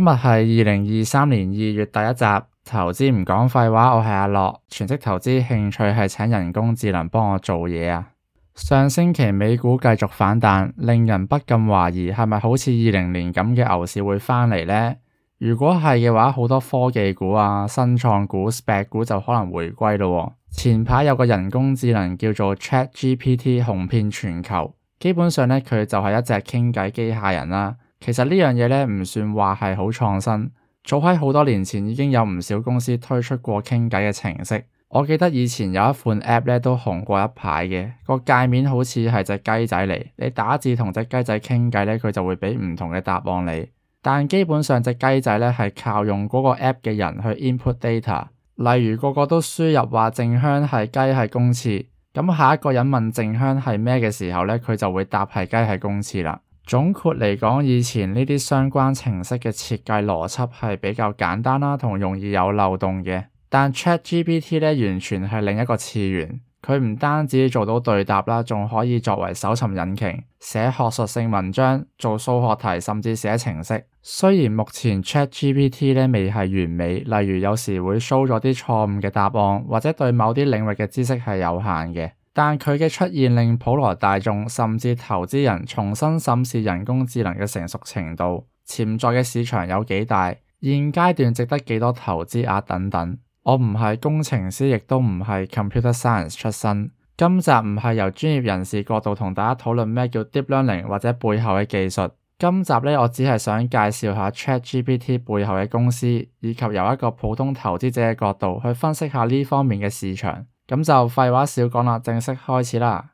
今日係二零二三年二月第一集，投資唔講廢話，我係阿樂，全職投資，興趣係請人工智能幫我做嘢啊！上星期美股繼續反彈，令人不禁懷疑係咪好似二零年咁嘅牛市會返嚟呢？如果係嘅話，好多科技股啊、新創股、SPAC 股就可能回歸咯、啊。前排有個人工智能叫做 ChatGPT 紅遍全球，基本上呢，佢就係一隻傾偈機械人啦、啊。其實呢樣嘢呢，唔算話係好創新，早喺好多年前已經有唔少公司推出過傾偈嘅程式。我記得以前有一款 app 呢，都紅過一排嘅，個界面好似係隻雞仔嚟，你打字同隻雞仔傾偈呢，佢就會畀唔同嘅答案你。但基本上隻雞仔呢，係靠用嗰個 app 嘅人去 input data，例如個個都輸入話靜香係雞係公廁，咁下一個人問靜香係咩嘅時候呢，佢就會答係雞係公廁啦。總括嚟講，以前呢啲相關程式嘅設計邏輯係比較簡單啦，同容易有漏洞嘅。但 ChatGPT 咧完全係另一個次元，佢唔單止做到對答啦，仲可以作為搜尋引擎、寫學術性文章、做數學題，甚至寫程式。雖然目前 ChatGPT 咧未係完美，例如有時會 show 咗啲錯誤嘅答案，或者對某啲領域嘅知識係有限嘅。但佢嘅出現令普羅大眾甚至投資人重新審視人工智能嘅成熟程度、潛在嘅市場有幾大、現階段值得幾多投資額、啊、等等。我唔係工程師，亦都唔係 computer science 出身。今集唔係由專業人士角度同大家討論咩叫 deep learning 或者背後嘅技術。今集呢，我只係想介紹下 ChatGPT 背後嘅公司，以及由一個普通投資者嘅角度去分析下呢方面嘅市場。咁就廢話少講啦，正式開始啦。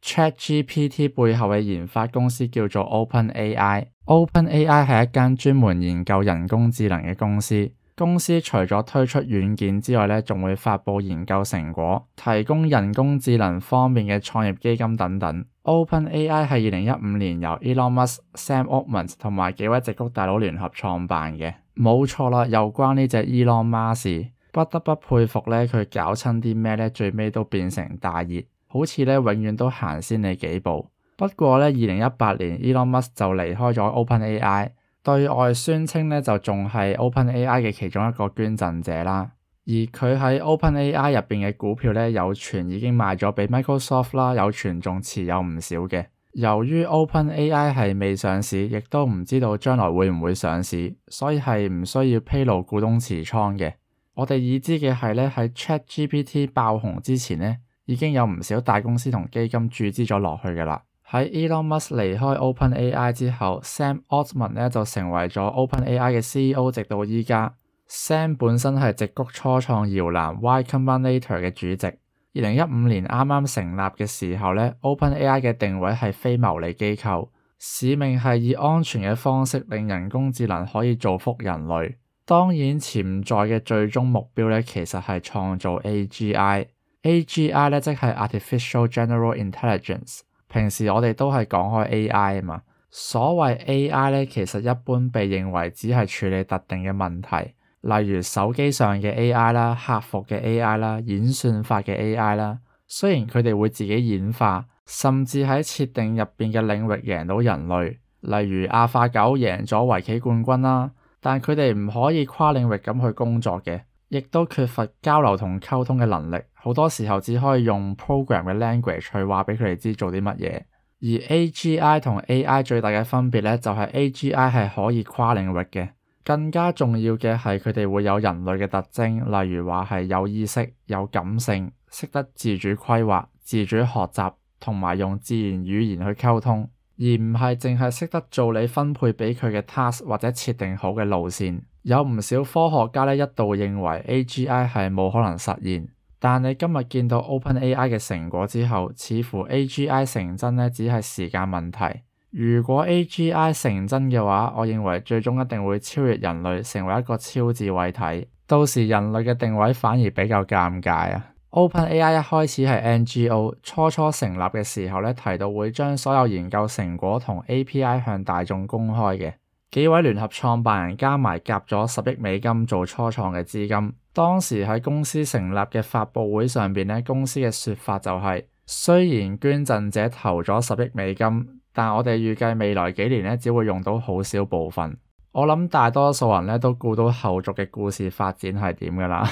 ChatGPT 背後嘅研發公司叫做 OpenAI。OpenAI 係一間專門研究人工智能嘅公司。公司除咗推出軟件之外呢，呢仲會發布研究成果，提供人工智能方面嘅創業基金等等。Open AI 係二零一五年由 Elon Musk、Sam Altman 同埋幾位矽谷大佬聯合創辦嘅，冇錯啦。又關呢隻 Elon Musk 事，不得不佩服呢佢搞親啲咩呢？最尾都變成大熱，好似呢永遠都行先你幾步。不過呢，二零一八年 Elon Musk 就離開咗 Open AI，對外宣稱呢就仲係 Open AI 嘅其中一個捐贈者啦。而佢喺 OpenAI 入邊嘅股票咧，有傳已經賣咗畀 Microsoft 啦，有傳仲持有唔少嘅。由於 OpenAI 係未上市，亦都唔知道將來會唔會上市，所以係唔需要披露股東持倉嘅。我哋已知嘅係咧，喺 ChatGPT 爆紅之前咧，已經有唔少大公司同基金注資咗落去噶啦。喺 Elon Musk 離開 OpenAI 之後，Sam Altman 咧就成為咗 OpenAI 嘅 CEO，直到而家。Sam 本身係直谷初創搖籃 Y Combinator 嘅主席。二零一五年啱啱成立嘅時候呢，OpenAI 嘅定位係非牟利機構，使命係以安全嘅方式令人工智能可以造福人類。當然，潛在嘅最終目標咧，其實係創造 AGI。AGI 咧即係 Artificial General Intelligence。平時我哋都係講開 AI 啊嘛。所謂 AI 咧，其實一般被認為只係處理特定嘅問題。例如手機上嘅 A.I. 啦，客服嘅 A.I. 啦，演算法嘅 A.I. 啦，雖然佢哋會自己演化，甚至喺設定入邊嘅領域贏到人類，例如阿法狗贏咗圍棋冠軍啦，但佢哋唔可以跨領域咁去工作嘅，亦都缺乏交流同溝通嘅能力，好多時候只可以用 program 嘅 language 去話俾佢哋知做啲乜嘢。而 A.G.I. 同 A.I. 最大嘅分別咧，就係 A.G.I. 係可以跨領域嘅。更加重要嘅係佢哋會有人類嘅特徵，例如話係有意識、有感性、識得自主規劃、自主學習同埋用自然語言去溝通，而唔係淨係識得做你分配俾佢嘅 task 或者設定好嘅路線。有唔少科學家咧一度認為 AGI 係冇可能實現，但你今日見到 OpenAI 嘅成果之後，似乎 AGI 成真咧只係時間問題。如果 AGI 成真嘅話，我認為最終一定會超越人類，成為一個超智慧體。到時人類嘅定位反而比較尷尬啊。OpenAI 一開始係 NGO，初初成立嘅時候咧，提到會將所有研究成果同 API 向大眾公開嘅。幾位聯合創辦人加埋夾咗十億美金做初創嘅資金。當時喺公司成立嘅發布會上邊咧，公司嘅說法就係、是、雖然捐贈者投咗十億美金。但我哋預計未來幾年呢，只會用到好少部分。我諗大多數人呢都估到後續嘅故事發展係點噶啦。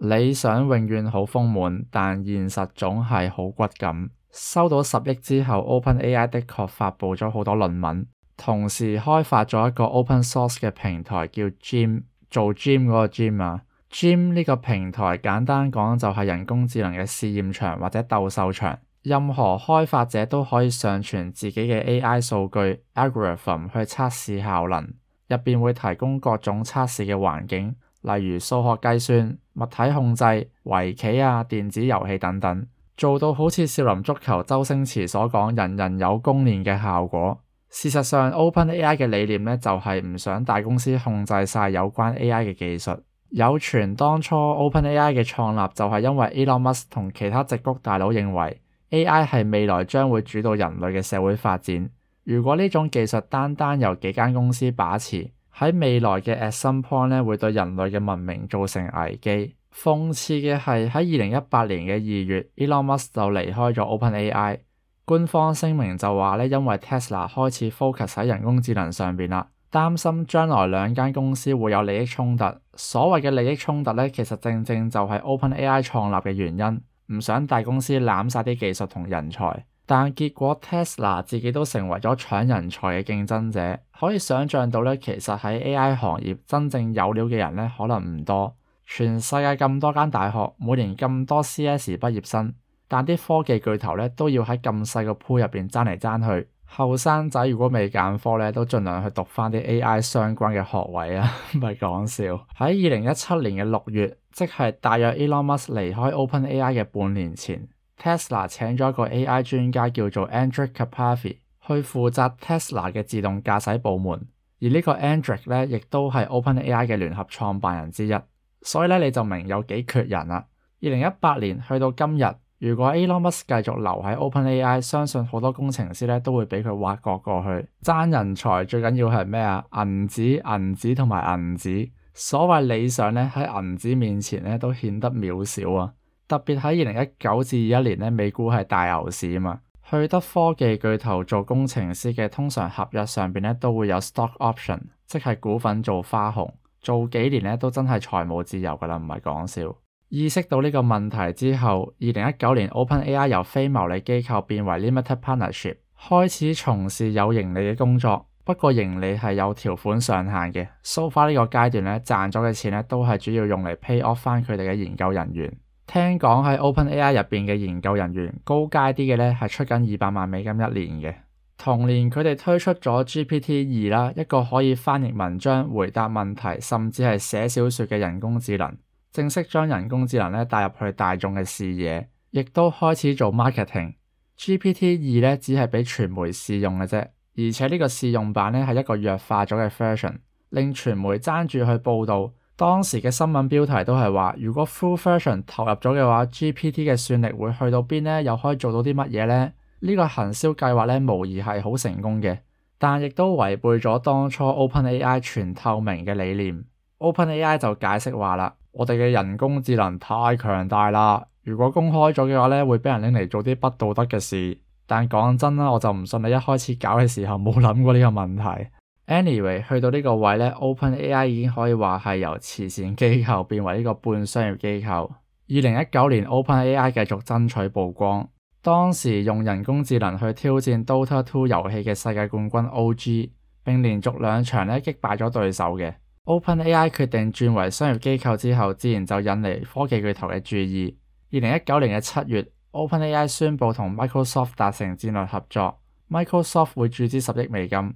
理想永遠好豐滿，但現實總係好骨感。收到十億之後，OpenAI 的確發布咗好多論文，同時開發咗一個 Open Source 嘅平台叫 Gym 做 Gym 嗰個 Gym 啊。Gym 呢個平台簡單講就係人工智能嘅試驗場或者鬥獸場。任何開發者都可以上傳自己嘅 AI 數據 algorithm 去測試效能，入邊會提供各種測試嘅環境，例如數學計算、物體控制、圍棋啊、電子遊戲等等，做到好似少林足球周星馳所講，人人有功練嘅效果。事實上，OpenAI 嘅理念呢，就係唔想大公司控制曬有關 AI 嘅技術。有傳當初 OpenAI 嘅創立就係因為 Elon Musk 同其他矽谷大佬認為。A.I. 係未來將會主導人類嘅社會發展。如果呢種技術單單由幾間公司把持，喺未來嘅 at some point 咧，會對人類嘅文明造成危機。諷刺嘅係喺二零一八年嘅二月，Elon Musk 就離開咗 Open A.I. 官方聲明就話咧，因為 Tesla 開始 focus 喺人工智能上面啦，擔心將來兩間公司會有利益衝突。所謂嘅利益衝突呢，其實正正就係 Open A.I. 創立嘅原因。唔想大公司攬晒啲技術同人才，但結果 Tesla 自己都成為咗搶人才嘅競爭者。可以想象到咧，其實喺 AI 行業真正有料嘅人咧，可能唔多。全世界咁多間大學，每年咁多 CS 畢業生，但啲科技巨頭咧都要喺咁細個鋪入邊爭嚟爭去。後生仔如果未揀科咧，都盡量去讀翻啲 AI 相關嘅學位啊！唔係講笑。喺二零一七年嘅六月，即係大約 Elon Musk 離開 OpenAI 嘅半年前，Tesla 請咗一個 AI 專家叫做 Andrej Karpathy 去負責 Tesla 嘅自動駕駛部門。而呢個 Andre 咧，亦都係 OpenAI 嘅聯合創辦人之一。所以咧，你就明有幾缺人啦。二零一八年去到今日。如果 Elon Musk 繼續留喺 OpenAI，相信好多工程師都會俾佢挖角過去。爭人才最緊要係咩啊？銀紙、銀紙同埋銀紙。所謂理想咧，喺銀紙面前都顯得渺小啊！特別喺二零一九至二一年咧，美股係大牛市嘛。去得科技巨頭做工程師嘅，通常合約上面都會有 stock option，即係股份做花紅。做幾年都真係財務自由噶啦，唔係講笑。意識到呢個問題之後，二零一九年 OpenAI 由非牟利機構變為 Limited Partnership，開始從事有盈利嘅工作。不過盈利係有條款上限嘅。So far 呢個階段咧，賺咗嘅錢都係主要用嚟 pay off 翻佢哋嘅研究人員。聽講喺 OpenAI 入面嘅研究人員高階啲嘅咧係出緊二百萬美金一年嘅。同年佢哋推出咗 GPT 二啦，一個可以翻譯文章、回答問題，甚至係寫小說嘅人工智能。正式將人工智能咧帶入去大眾嘅視野，亦都開始做 marketing。GPT 二咧只係畀傳媒試用嘅啫，而且呢個試用版咧係一個弱化咗嘅 version，令傳媒爭住去報道。當時嘅新聞標題都係話，如果 full version 投入咗嘅話，GPT 嘅算力會去到邊咧？又可以做到啲乜嘢咧？呢、這個行銷計劃咧，無疑係好成功嘅，但亦都違背咗當初 OpenAI 全透明嘅理念。OpenAI 就解釋話啦。我哋嘅人工智能太強大啦，如果公開咗嘅話咧，會俾人拎嚟做啲不道德嘅事。但講真啦，我就唔信你一開始搞嘅時候冇諗過呢個問題。Anyway，去到呢個位呢，OpenAI 已經可以話係由慈善機構變為呢個半商業機構。二零一九年，OpenAI 繼續爭取曝光，當時用人工智能去挑戰《Dota 2》遊戲嘅世界冠軍 OG，並連續兩場咧擊敗咗對手嘅。OpenAI 決定轉為商業機構之後，自然就引嚟科技巨頭嘅注意。二零一九年嘅七月，OpenAI 宣佈同 Microsoft 達成戰略合作，Microsoft 會注資十億美金，換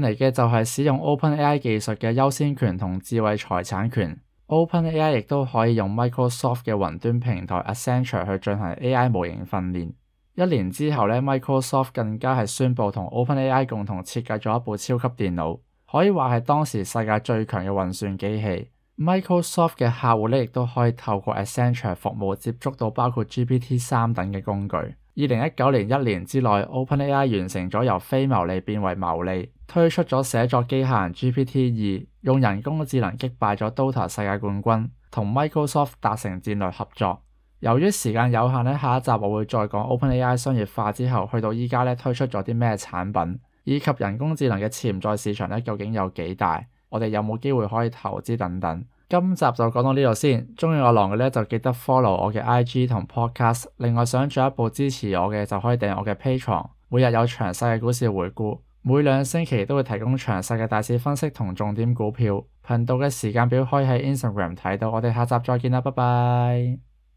嚟嘅就係使用 OpenAI 技術嘅優先權同智慧財產權。OpenAI 亦都可以用 Microsoft 嘅雲端平台 Azure 去進行 AI 模型訓練。一年之後呢，Microsoft 更加係宣布同 OpenAI 共同設計咗一部超級電腦。可以話係當時世界最強嘅運算機器。Microsoft 嘅客戶咧，亦都可以透過 Accenture 服務接觸到包括 GPT 三等嘅工具。二零一九年一年之內，OpenAI 完成咗由非牟利變為牟利，推出咗寫作機械人 GPT 二，用人工智能擊敗咗 Dota 世界冠軍，同 Microsoft 達成戰略合作。由於時間有限咧，下一集我會再講 OpenAI 商業化之後去到依家推出咗啲咩產品。以及人工智能嘅潛在市場究竟有幾大？我哋有冇機會可以投資等等？今集就講到呢度先。中意我郎嘅呢就記得 follow 我嘅 IG 同 podcast。另外想進一步支持我嘅就可以訂閱我嘅 Patreon。每日有詳細嘅股市回顧，每兩星期都會提供詳細嘅大市分析同重點股票。頻道嘅時間表可以喺 Instagram 睇到。我哋下集再見啦，拜拜。